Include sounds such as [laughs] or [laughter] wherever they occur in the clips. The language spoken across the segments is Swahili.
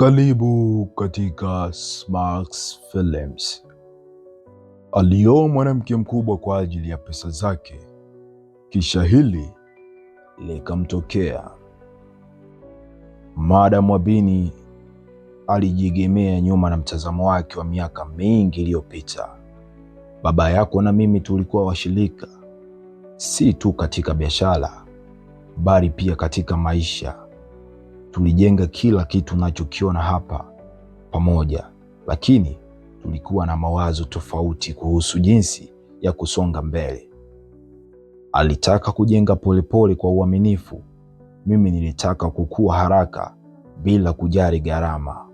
Karibu katika Smax Films. Alioa mwanamke mkubwa kwa ajili ya pesa zake, kisha hili likamtokea. Madam Wabini alijiegemea nyuma na mtazamo wake wa miaka mingi iliyopita. Baba yako na mimi tulikuwa washirika, si tu katika biashara, bali pia katika maisha tulijenga kila kitu unachokiona hapa pamoja, lakini tulikuwa na mawazo tofauti kuhusu jinsi ya kusonga mbele. Alitaka kujenga polepole kwa uaminifu, mimi nilitaka kukua haraka bila kujali gharama.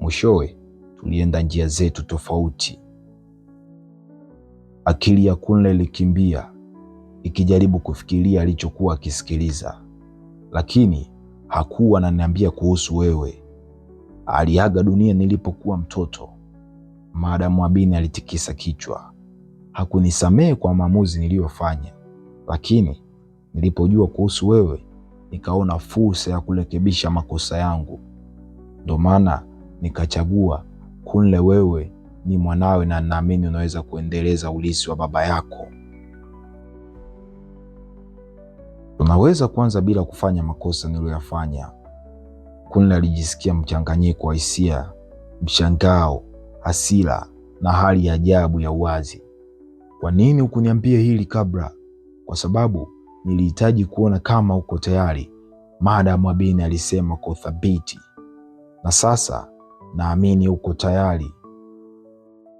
Mwishowe tulienda njia zetu tofauti. Akili ya Kunle ilikimbia ikijaribu kufikiria alichokuwa akisikiliza, lakini hakuwa ananiambia kuhusu wewe. Aliaga dunia nilipokuwa mtoto. Madamu Abini alitikisa kichwa. Hakunisamehe kwa maamuzi niliyofanya, lakini nilipojua kuhusu wewe nikaona fursa ya kurekebisha makosa yangu. Ndo maana nikachagua Kunle, wewe ni mwanawe na naamini unaweza kuendeleza ulisi wa baba yako. Unaweza kuanza bila kufanya makosa niliyoyafanya. Kunle alijisikia mchanganyiko wa hisia, mshangao, hasira na hali ya ajabu ya uwazi. Kwa nini hukuniambia hili kabla? Kwa sababu nilihitaji kuona kama uko tayari, Madam Abini alisema kwa uthabiti, na sasa naamini uko tayari.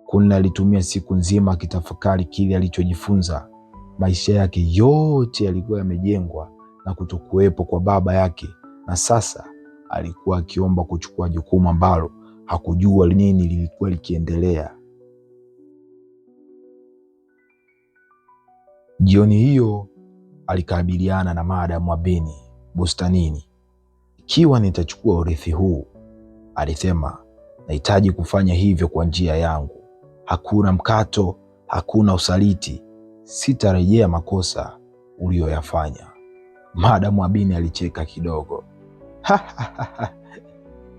Kunle alitumia siku nzima akitafakari kile alichojifunza Maisha yake yote yalikuwa yamejengwa na kutokuwepo kwa baba yake, na sasa alikuwa akiomba kuchukua jukumu ambalo hakujua nini lilikuwa likiendelea. Jioni hiyo alikabiliana na madamu wa bustanini. Ikiwa nitachukua urithi huu, alisema, nahitaji kufanya hivyo kwa njia yangu. Hakuna mkato, hakuna usaliti, sitarejea makosa uliyoyafanya. Madamu Abini alicheka kidogo.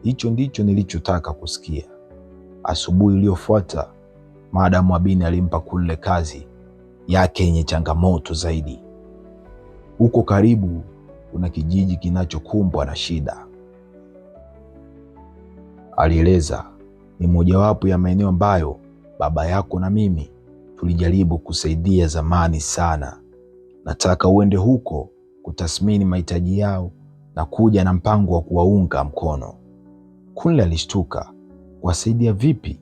Hicho ndicho nilichotaka kusikia. Asubuhi iliyofuata, Maadamu Abini alimpa Kunle kazi yake yenye changamoto zaidi. Huko karibu kuna kijiji kinachokumbwa na shida, alieleza. Ni mojawapo ya maeneo ambayo baba yako na mimi tulijaribu kusaidia zamani sana. Nataka uende huko kutathmini mahitaji yao na kuja na mpango wa kuwaunga mkono. Kunle alishtuka. Kuwasaidia vipi?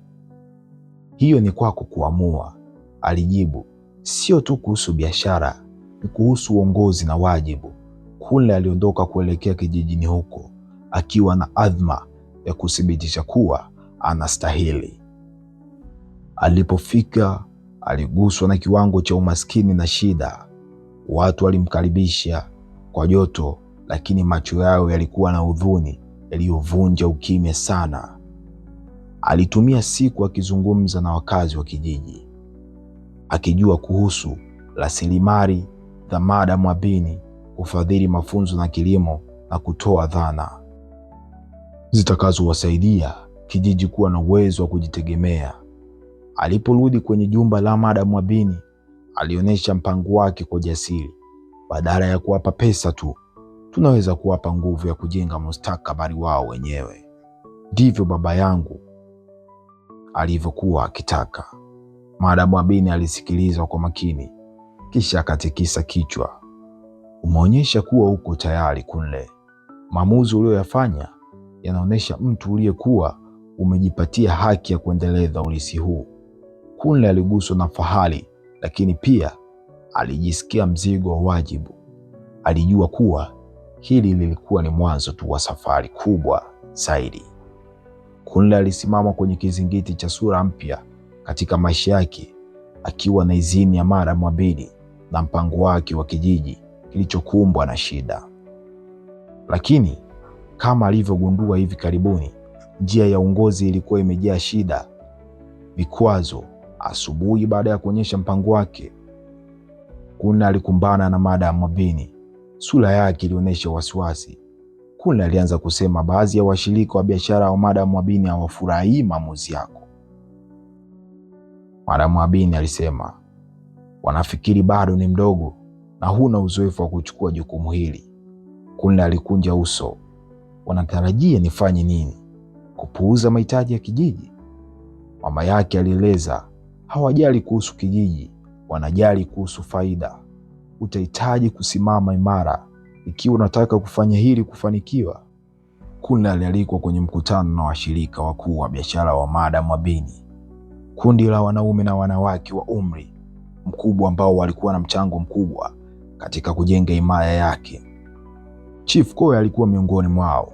Hiyo ni kwako kuamua, alijibu. Sio tu kuhusu biashara, ni kuhusu uongozi na wajibu. Kunle aliondoka kuelekea kijijini huko akiwa na adhma ya kuthibitisha kuwa anastahili. Alipofika Aliguswa na kiwango cha umaskini na shida. Watu walimkaribisha kwa joto, lakini macho yao yalikuwa na huzuni yaliyovunja ukimya sana. Alitumia siku akizungumza na wakazi wa kijiji, akijua kuhusu rasilimali za madamu abini, kufadhili mafunzo na kilimo na kutoa dhana zitakazowasaidia kijiji kuwa na uwezo wa kujitegemea. Aliporudi kwenye jumba la Madam Wabini, alionyesha mpango wake kwa jasiri. Badala ya kuwapa pesa tu, tunaweza kuwapa nguvu ya kujenga mustakabali wao wenyewe. Ndivyo baba yangu alivyokuwa akitaka. Madam Wabini alisikilizwa kwa makini, kisha akatikisa kichwa. Umeonyesha kuwa uko tayari kunle. Maamuzi uliyoyafanya yanaonyesha mtu uliyekuwa umejipatia haki ya kuendeleza urithi huu. Kunle aliguswa na fahari, lakini pia alijisikia mzigo wa wajibu. Alijua kuwa hili lilikuwa ni mwanzo tu wa safari kubwa zaidi. Kunle alisimama kwenye kizingiti cha sura mpya katika maisha yake, akiwa na idhini ya mara mwabili na mpango wake wa kijiji kilichokumbwa na shida. Lakini kama alivyogundua hivi karibuni, njia ya uongozi ilikuwa imejaa shida, vikwazo Asubuhi baada ya kuonyesha mpango wake, Kuna alikumbana na mada Mabini. Sura yake ilionyesha wasiwasi. Kuna alianza kusema, baadhi ya washirika wa biashara wa Madam Mabini hawafurahii maamuzi yako. Madam Mabini alisema, wanafikiri bado ni mdogo na huna uzoefu wa kuchukua jukumu hili. Kuna alikunja uso. Wanatarajia nifanye nini? Kupuuza mahitaji ya kijiji? Mama yake alieleza, hawajali kuhusu kijiji, wanajali kuhusu faida. Utahitaji kusimama imara ikiwa unataka kufanya hili kufanikiwa. Kundi alialikwa kwenye mkutano na washirika wakuu wa biashara wa Madam Wabini, kundi la wanaume na wanawake wa umri mkubwa ambao walikuwa na mchango mkubwa katika kujenga imara yake. Chief Koe alikuwa miongoni mwao.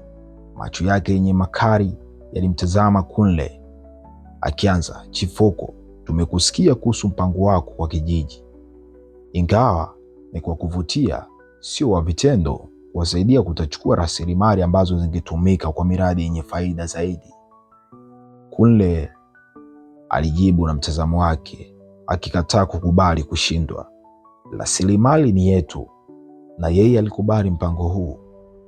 Macho yake yenye makali yalimtazama Kunle. Akianza, Chifoko, tumekusikia kuhusu mpango wako wa kijiji, ingawa ni kwa kuvutia, sio wa vitendo, kuwasaidia kutachukua rasilimali ambazo zingetumika kwa miradi yenye faida zaidi. Kunle alijibu na mtazamo wake, akikataa kukubali kushindwa. Rasilimali ni yetu, na yeye alikubali mpango huu,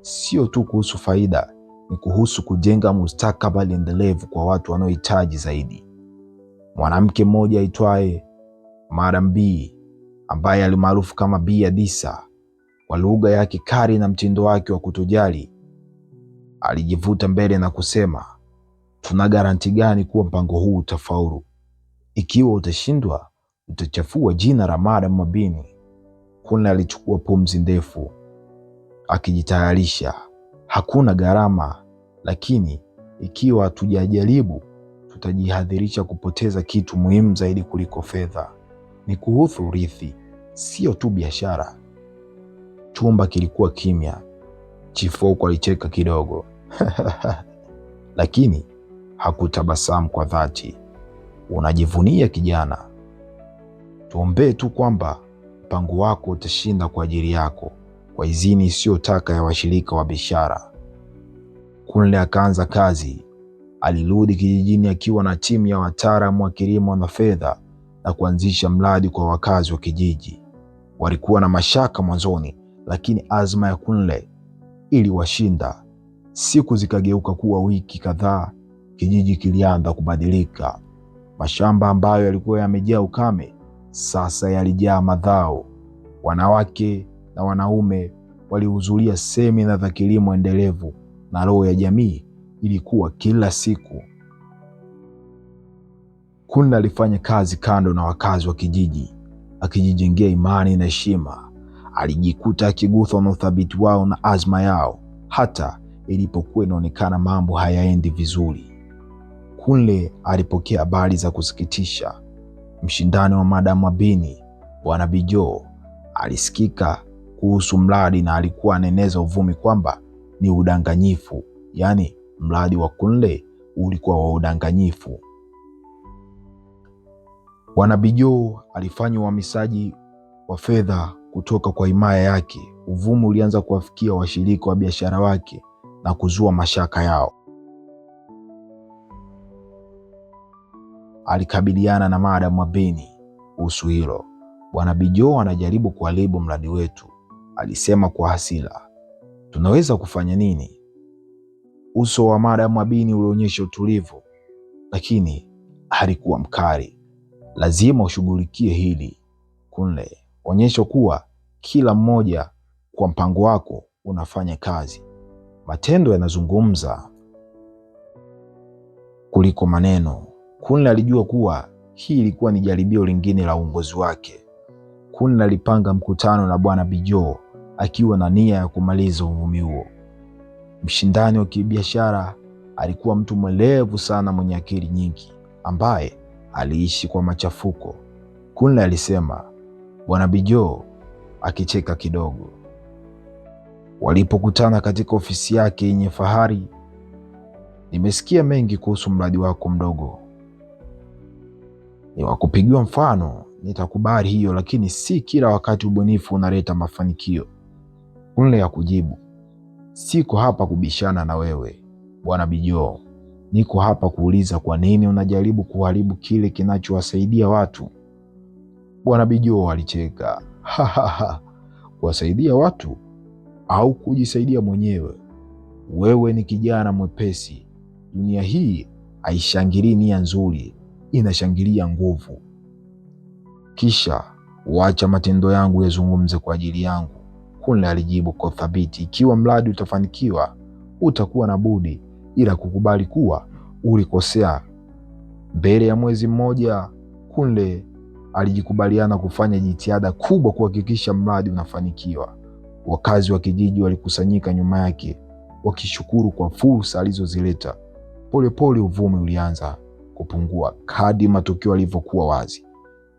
sio tu kuhusu faida, ni kuhusu kujenga mustakabali endelevu kwa watu wanaohitaji zaidi mwanamke mmoja aitwaye Madam B ambaye alimaarufu kama b Adisa kwa lugha yake kali na mtindo wake wa kutojali, alijivuta mbele na kusema, tuna garanti gani kuwa mpango huu utafaulu? Ikiwa utashindwa, utachafua jina la Madam Mabini. Kuna alichukua pumzi ndefu akijitayarisha. Hakuna gharama, lakini ikiwa hatujajaribu tutajihadhirisha kupoteza kitu muhimu zaidi kuliko fedha. Ni kuhusu urithi, sio tu biashara. Chumba kilikuwa kimya. Chifoku alicheka kidogo [laughs] lakini hakutabasamu kwa dhati. Unajivunia kijana, tuombee tu kwamba mpango wako utashinda kwa ajili yako, kwa idhini isiyotaka ya washirika wa biashara. Kunle akaanza kazi Alirudi kijijini akiwa na timu ya wataalamu wa kilimo na fedha na kuanzisha mradi kwa wakazi wa kijiji. Walikuwa na mashaka mwanzoni, lakini azma ya Kunle iliwashinda. Siku zikageuka kuwa wiki kadhaa. Kijiji kilianza kubadilika. Mashamba ambayo yalikuwa yamejaa ukame sasa yalijaa madhao Wanawake na wanaume walihudhuria semina za kilimo endelevu na roho ya jamii ilikuwa kila siku Kunde alifanya kazi kando na wakazi wa kijiji, akijijengea imani na heshima. Alijikuta akiguswa na uthabiti wao na azma yao, hata ilipokuwa inaonekana mambo hayaendi vizuri. kunle alipokea habari za kusikitisha. Mshindani wa madamu Abini, Bwana Bijo, alisikika kuhusu mradi na alikuwa anaeneza uvumi kwamba ni udanganyifu, yaani mradi wa kunle ulikuwa wa udanganyifu. Bwana Bijo alifanya uhamisaji wa fedha kutoka kwa himaya yake. Uvumi ulianza kuwafikia washirika wa biashara wake na kuzua mashaka yao. Alikabiliana na maadamu wa Beni kuhusu hilo. Bwana bijo anajaribu kuharibu mradi wetu, alisema kwa hasira. Tunaweza kufanya nini? Uso wa Madamu Abini ulionyesha utulivu, lakini alikuwa mkali. Lazima ushughulikie hili Kunle, onyesha kuwa kila mmoja kwa mpango wako unafanya kazi. Matendo yanazungumza kuliko maneno. Kunle alijua kuwa hii ilikuwa ni jaribio lingine la uongozi wake. Kunle alipanga mkutano na Bwana Bijo akiwa na nia ya kumaliza uvumi huo. Mshindani wa kibiashara alikuwa mtu mwelevu sana mwenye akili nyingi ambaye aliishi kwa machafuko. Kunle alisema Bwana Bijo akicheka kidogo. Walipokutana katika ofisi yake yenye fahari, nimesikia mengi kuhusu mradi wako mdogo, ni wa kupigiwa mfano. Nitakubali hiyo, lakini si kila wakati ubunifu unaleta mafanikio, Kunle ya kujibu. Siko hapa kubishana na wewe Bwana Bijoo, niko hapa kuuliza kwa nini unajaribu kuharibu kile kinachowasaidia watu. Bwana Bijoo alicheka [laughs] kuwasaidia watu au kujisaidia mwenyewe? Wewe ni kijana mwepesi. Dunia hii haishangilii nia nzuri, inashangilia nguvu. Kisha wacha matendo yangu yazungumze kwa ajili yangu. Conley alijibu kwa uthabiti, ikiwa mradi utafanikiwa, utakuwa na budi ila kukubali kuwa ulikosea. Mbele ya mwezi mmoja, Kunle alijikubaliana kufanya jitihada kubwa kuhakikisha mradi unafanikiwa. Wakazi wa kijiji walikusanyika nyuma yake wakishukuru kwa fursa alizozileta. Polepole uvumi ulianza kupungua kadi matukio yalivyokuwa wazi.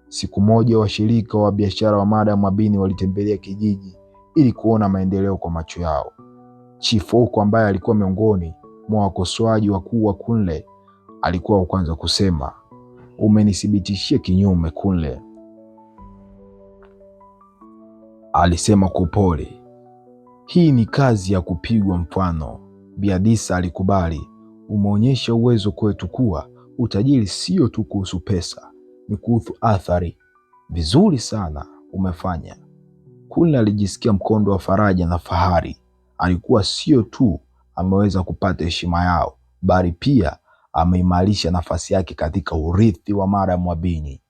Siku moja, washirika wa biashara wa Madam Abini walitembelea kijiji ili kuona maendeleo kwa macho yao. Chifu huko ambaye alikuwa miongoni mwa wakosoaji wakuu wa Kunle alikuwa wa kwanza kusema, umenithibitishia kinyume Kunle, alisema kwa upole. Hii ni kazi ya kupigwa mfano. Biadisa alikubali, umeonyesha uwezo kwetu kuwa utajiri sio tu kuhusu pesa, ni kuhusu athari. Vizuri sana umefanya. Kule alijisikia mkondo wa faraja na fahari. Alikuwa sio tu ameweza kupata heshima yao, bali pia ameimarisha nafasi yake katika urithi wa Madam Wabini.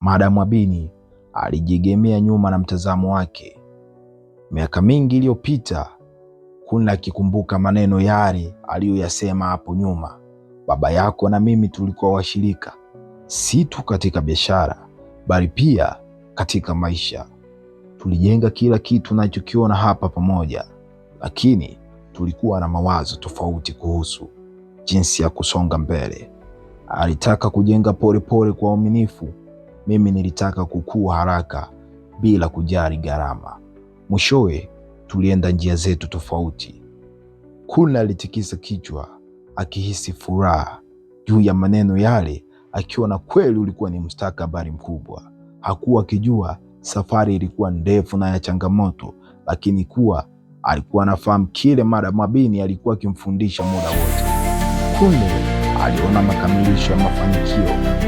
Madam Wabini alijegemea nyuma na mtazamo wake. Miaka mingi iliyopita, Kunle akikumbuka maneno yale aliyoyasema hapo nyuma, baba yako na mimi tulikuwa washirika, si tu katika biashara, bali pia katika maisha tulijenga kila kitu nachokiona hapa pamoja, lakini tulikuwa na mawazo tofauti kuhusu jinsi ya kusonga mbele. Alitaka kujenga polepole pole kwa uaminifu, mimi nilitaka kukua haraka bila kujali gharama. Mwishowe tulienda njia zetu tofauti. Kuna alitikisa kichwa akihisi furaha juu ya maneno yale, akiona kweli ulikuwa ni mstakabari mkubwa. Hakuwa akijua Safari ilikuwa ndefu na ya changamoto, lakini kuwa alikuwa anafahamu kile mada Mabini alikuwa akimfundisha muda wote, kumbe aliona makamilisho ya mafanikio.